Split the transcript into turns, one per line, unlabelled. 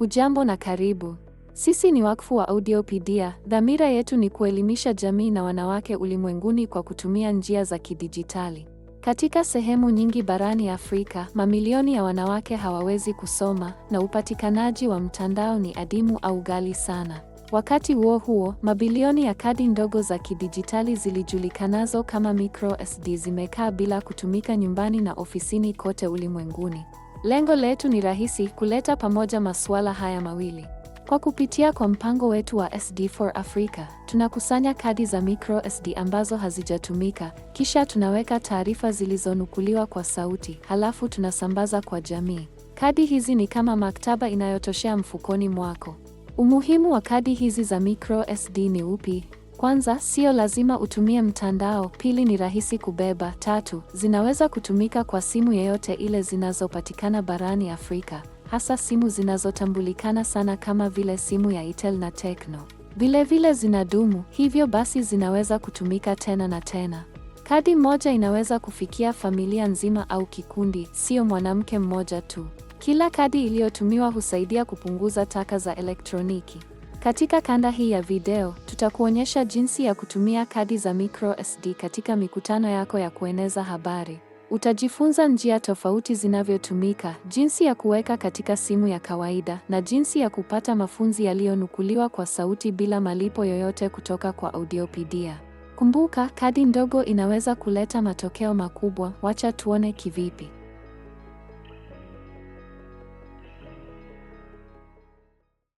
Ujambo na karibu. Sisi ni wakfu wa Audiopedia. Dhamira yetu ni kuelimisha jamii na wanawake ulimwenguni kwa kutumia njia za kidijitali. Katika sehemu nyingi barani Afrika, mamilioni ya wanawake hawawezi kusoma na upatikanaji wa mtandao ni adimu au ghali sana. Wakati huo huo, mabilioni ya kadi ndogo za kidijitali zilijulikanazo kama SD zimekaa bila kutumika nyumbani na ofisini kote ulimwenguni. Lengo letu ni rahisi, kuleta pamoja masuala haya mawili. Kwa kupitia kwa mpango wetu wa SD4 Africa, tunakusanya kadi za micro SD ambazo hazijatumika, kisha tunaweka taarifa zilizonukuliwa kwa sauti, halafu tunasambaza kwa jamii. Kadi hizi ni kama maktaba inayotoshea mfukoni mwako. Umuhimu wa kadi hizi za micro SD ni upi? Kwanza, sio lazima utumie mtandao. Pili, ni rahisi kubeba. Tatu, zinaweza kutumika kwa simu yeyote ile zinazopatikana barani Afrika, hasa simu zinazotambulikana sana kama vile simu ya Itel na Tecno. Vilevile zinadumu, hivyo basi zinaweza kutumika tena na tena. Kadi moja inaweza kufikia familia nzima au kikundi, sio mwanamke mmoja tu. Kila kadi iliyotumiwa husaidia kupunguza taka za elektroniki. Katika kanda hii ya video, tutakuonyesha jinsi ya kutumia kadi za SD katika mikutano yako ya kueneza habari. Utajifunza njia tofauti zinavyotumika, jinsi ya kuweka katika simu ya kawaida na jinsi ya kupata mafunzi yaliyonukuliwa kwa sauti bila malipo yoyote kutoka kwa Audiopedia. Kumbuka, kadi ndogo inaweza kuleta matokeo makubwa. Wacha tuone kivipi.